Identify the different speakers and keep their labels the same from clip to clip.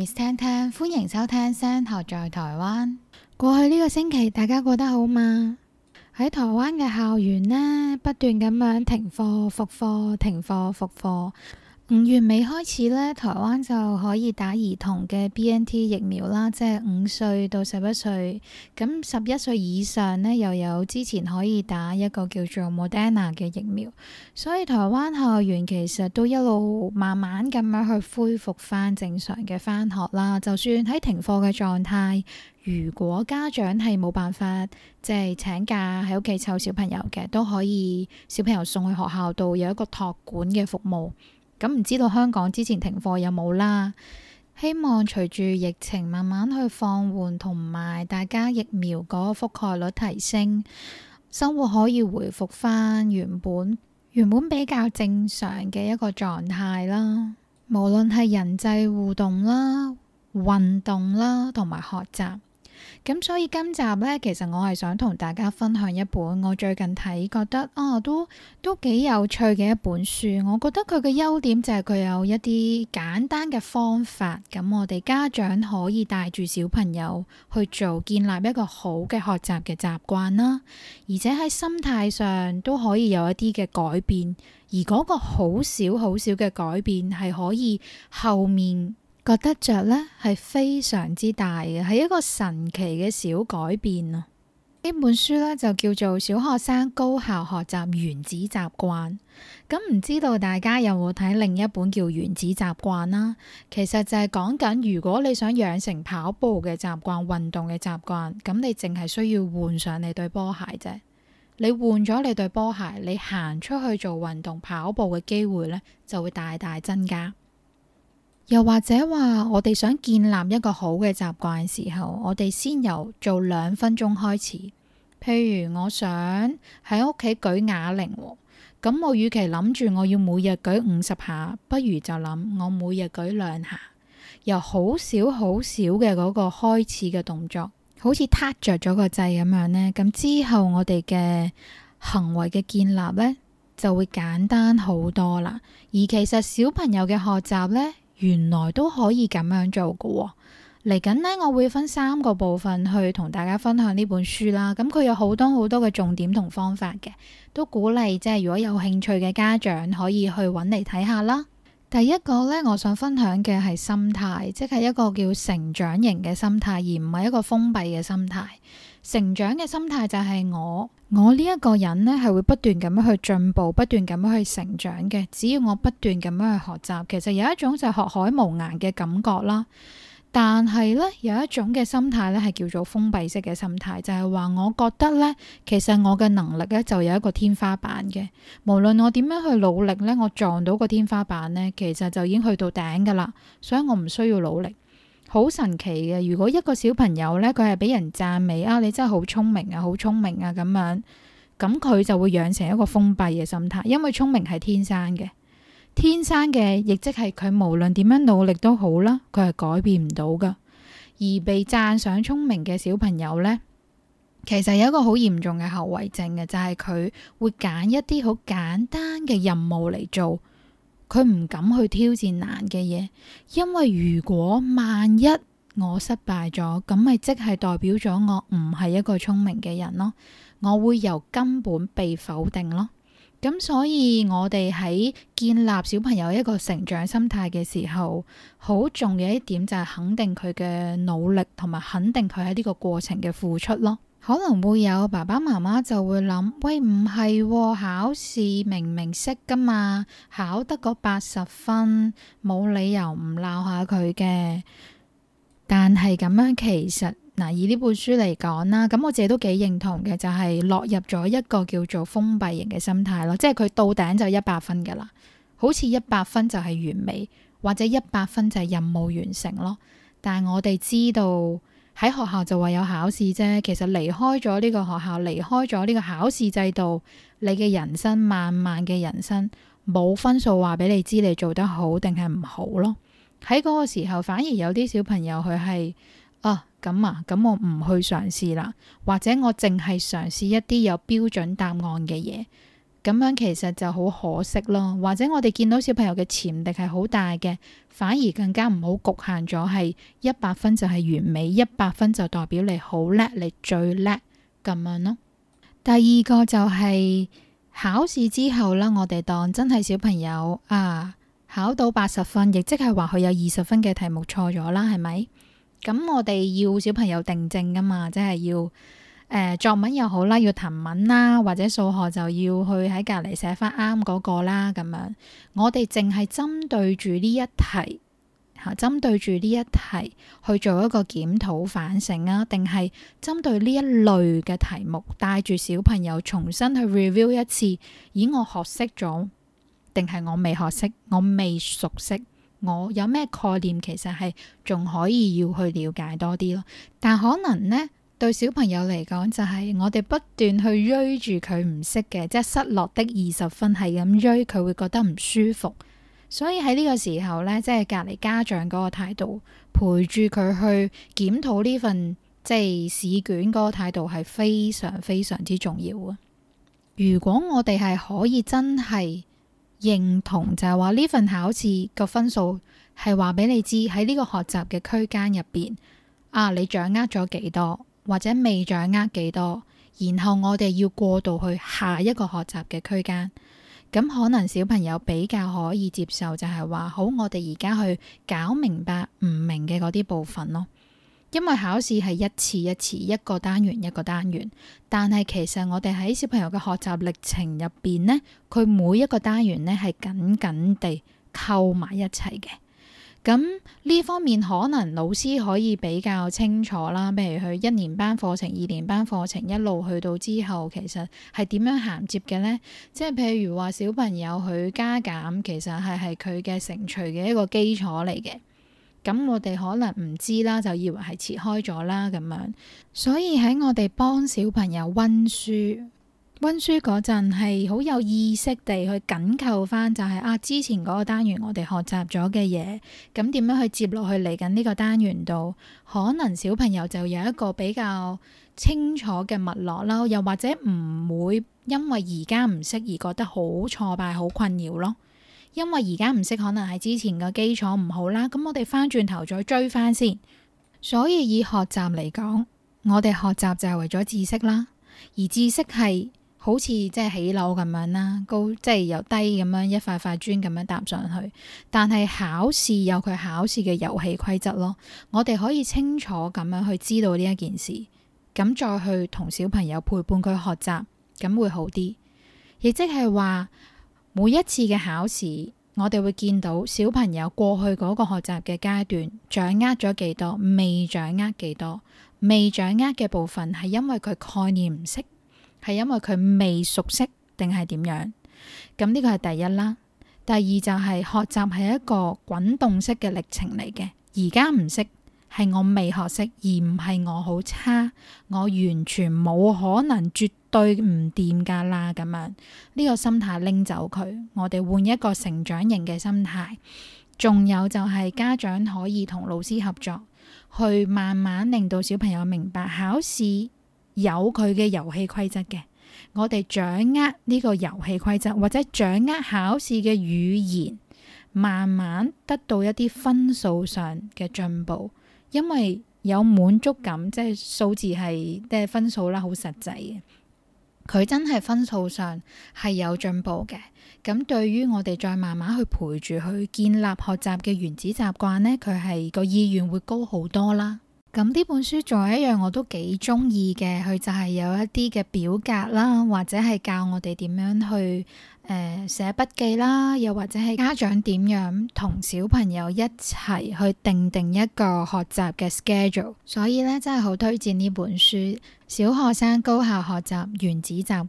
Speaker 1: Miss Ting Ting，歡迎收聽聲台在台灣。過去呢個星期，大家過得好嗎？喺台灣嘅校園呢，不斷咁樣停課、復課、停課、復課。五月尾開始咧，台灣就可以打兒童嘅 BNT 疫苗啦，即係五歲到十一歲。咁十一歲以上呢，又有之前可以打一個叫做 Moderna 嘅疫苗。所以台灣校園其實都一路慢慢咁樣去恢復返正常嘅返學啦。就算喺停課嘅狀態，如果家長係冇辦法即係、就是、請假喺屋企湊小朋友嘅，都可以小朋友送去學校度有一個托管嘅服務。咁唔知道香港之前停課有冇啦？希望隨住疫情慢慢去放緩，同埋大家疫苗嗰個覆蓋率提升，生活可以回復翻原本原本比較正常嘅一個狀態啦。無論係人際互動啦、運動啦，同埋學習。咁所以今集呢，其實我係想同大家分享一本我最近睇覺得啊、哦，都都幾有趣嘅一本書。我覺得佢嘅優點就係佢有一啲簡單嘅方法，咁我哋家長可以帶住小朋友去做，建立一個好嘅學習嘅習慣啦。而且喺心態上都可以有一啲嘅改變，而嗰個好少好少嘅改變係可以後面。覺得着呢係非常之大嘅，係一個神奇嘅小改變啊！呢本書呢就叫做《小學生高效學習原子習慣》。咁唔知道大家有冇睇另一本叫《原子習慣》啦？其實就係講緊，如果你想養成跑步嘅習慣、運動嘅習慣，咁你淨係需要換上你對波鞋啫。你換咗你對波鞋，你行出去做運動、跑步嘅機會呢就會大大增加。又或者話，我哋想建立一個好嘅習慣時候，我哋先由做兩分鐘開始。譬如我想喺屋企舉啞鈴，咁我與其諗住我要每日舉五十下，不如就諗我每日舉兩下，由好少好少嘅嗰個開始嘅動作，好似撻着咗個掣咁樣呢。咁之後我哋嘅行為嘅建立呢，就會簡單好多啦。而其實小朋友嘅學習呢。原來都可以咁樣做嘅喎。哦，嚟緊呢，我會分三個部分去同大家分享呢本書啦。咁佢有好多好多嘅重點同方法嘅，都鼓勵，即係如果有興趣嘅家長可以去揾嚟睇下啦。第一個呢，我想分享嘅係心態，即係一個叫成長型嘅心態，而唔係一個封閉嘅心態。成長嘅心態就係我，我呢一個人呢，係會不斷咁樣去進步，不斷咁樣去成長嘅。只要我不斷咁樣去學習，其實有一種就係學海無涯嘅感覺啦。但係呢，有一種嘅心態呢，係叫做封閉式嘅心態，就係話我覺得呢，其實我嘅能力呢，就有一個天花板嘅，無論我點樣去努力呢，我撞到個天花板呢，其實就已經去到頂噶啦，所以我唔需要努力。好神奇嘅，如果一個小朋友呢，佢係俾人讚美啊，你真係好聰明啊，好聰明啊咁樣，咁佢就會養成一個封閉嘅心態，因為聰明係天生嘅，天生嘅，亦即係佢無論點樣努力都好啦，佢係改變唔到噶。而被讚賞聰明嘅小朋友呢，其實有一個好嚴重嘅後遺症嘅，就係佢會揀一啲好簡單嘅任務嚟做。佢唔敢去挑戰難嘅嘢，因為如果萬一我失敗咗，咁咪即係代表咗我唔係一個聰明嘅人咯，我會由根本被否定咯。咁所以我哋喺建立小朋友一個成長心態嘅時候，好重要一點就係肯定佢嘅努力，同埋肯定佢喺呢個過程嘅付出咯。可能會有爸爸媽媽就會諗，喂，唔係喎，考試明明識㗎嘛，考得個八十分，冇理由唔鬧下佢嘅。但係咁樣其實嗱、啊，以呢本書嚟講啦，咁我自己都幾認同嘅，就係落入咗一個叫做封閉型嘅心態咯，即係佢到頂就一百分㗎喇，好似一百分就係完美，或者一百分就係任務完成咯。但係我哋知道。喺學校就話有考試啫，其實離開咗呢個學校，離開咗呢個考試制度，你嘅人生漫漫嘅人生，冇分數話俾你知你做得好定係唔好咯。喺嗰個時候，反而有啲小朋友佢係啊咁啊，咁、啊、我唔去嘗試啦，或者我淨係嘗試一啲有標準答案嘅嘢。咁樣其實就好可惜咯，或者我哋見到小朋友嘅潛力係好大嘅，反而更加唔好局限咗係一百分就係完美，一百分就代表你好叻，你最叻咁樣咯。第二個就係考試之後啦。我哋當真係小朋友啊，考到八十分，亦即係話佢有二十分嘅題目錯咗啦，係咪？咁我哋要小朋友定正噶嘛，即係要。呃、作文又好啦，要騰文啦，或者數學就要去喺隔籬寫翻啱嗰個啦，咁樣。我哋淨係針對住呢一題吓，針對、啊、針對住呢一題去做一個檢討反省啊，定係針對呢一類嘅題目帶住小朋友重新去 review 一次，以我學識咗，定係我未學識，我未熟悉，我有咩概念其實係仲可以要去了解多啲咯，但可能呢，對小朋友嚟講，就係、是、我哋不斷去追住佢唔識嘅，即係失落的二十分，係咁追佢會覺得唔舒服。所以喺呢個時候呢，即係隔離家長嗰個態度，陪住佢去檢討呢份即係試卷嗰個態度係非常非常之重要嘅。如果我哋係可以真係認同就，就係話呢份考試個分數係話俾你知喺呢個學習嘅區間入邊啊，你掌握咗幾多？或者未掌握幾多，然後我哋要過渡去下一個學習嘅區間，咁可能小朋友比較可以接受就，就係話好，我哋而家去搞明白唔明嘅嗰啲部分咯。因為考試係一次一次，一個單元一個單元，但係其實我哋喺小朋友嘅學習歷程入邊呢，佢每一個單元呢係緊緊地扣埋一齊嘅。咁呢方面可能老師可以比較清楚啦，譬如佢一年班課程、二年班課程一路去到之後，其實係點樣銜接嘅呢？即係譬如話小朋友佢加減，其實係係佢嘅乘除嘅一個基礎嚟嘅。咁我哋可能唔知啦，就以為係切開咗啦咁樣，所以喺我哋幫小朋友溫書。溫書嗰陣係好有意識地去緊扣翻，係，就係啊之前嗰個單元我哋學習咗嘅嘢，咁點樣去接落去嚟緊呢個單元度？可能小朋友就有一個比較清楚嘅脈絡啦，又或者唔會因為而家唔識而覺得好挫敗、好困擾咯。因為而家唔識可能係之前嘅基礎唔好啦，咁我哋翻轉頭再追翻先。所以以學習嚟講，我哋學習就係為咗知識啦，而知識係。好似即係起樓咁樣啦，高即係、就是、由低咁樣一塊塊磚咁樣搭上去。但係考試有佢考試嘅遊戲規則咯，我哋可以清楚咁樣去知道呢一件事，咁再去同小朋友陪伴佢學習，咁會好啲。亦即係話每一次嘅考試，我哋會見到小朋友過去嗰個學習嘅階段，掌握咗幾多，未掌握幾多，未掌握嘅部分係因為佢概念唔識。係因為佢未熟悉定係點樣？咁呢個係第一啦。第二就係、是、學習係一個滾動式嘅歷程嚟嘅。而家唔識係我未學識，而唔係我好差。我完全冇可能絕對唔掂噶啦。咁樣呢、這個心態拎走佢，我哋換一個成長型嘅心態。仲有就係家長可以同老師合作，去慢慢令到小朋友明白考試。有佢嘅遊戲規則嘅，我哋掌握呢個遊戲規則，或者掌握考試嘅語言，慢慢得到一啲分數上嘅進步，因為有滿足感，即係數字係即係分數啦，好實際嘅。佢真係分數上係有進步嘅，咁對於我哋再慢慢去陪住去建立學習嘅原子習慣呢，佢係個意願會高好多啦。咁呢本書仲有一樣我都幾中意嘅，佢就係有一啲嘅表格啦，或者係教我哋點樣去誒、呃、寫筆記啦，又或者係家長點樣同小朋友一齊去訂定一個學習嘅 schedule。所以咧，真係好推薦呢本書《小學生高效學習原子習慣》。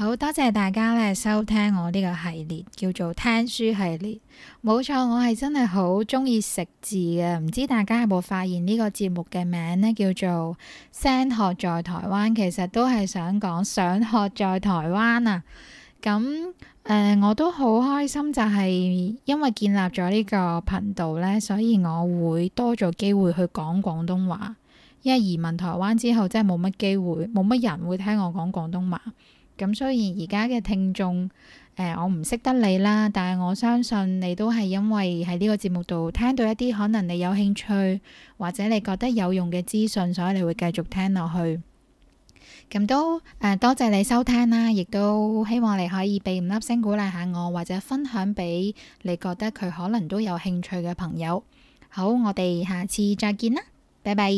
Speaker 1: 好多謝大家咧，收聽我呢個系列叫做聽書系列，冇錯，我係真係好中意食字嘅。唔知大家有冇發現個節呢個節目嘅名咧，叫做聲學在台灣，其實都係想講想學在台灣啊。咁誒、呃，我都好開心，就係因為建立咗呢個頻道呢，所以我會多咗機會去講廣東話。因為移民台灣之後，真係冇乜機會，冇乜人會聽我講廣東話。咁雖然而家嘅聽眾，誒，我唔識得你啦，但係我相信你都係因為喺呢個節目度聽到一啲可能你有興趣或者你覺得有用嘅資訊，所以你會繼續聽落去。咁都誒，多謝你收聽啦，亦都希望你可以俾五粒星鼓勵下我，或者分享俾你覺得佢可能都有興趣嘅朋友。好，我哋下次再見啦，拜拜。